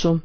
su.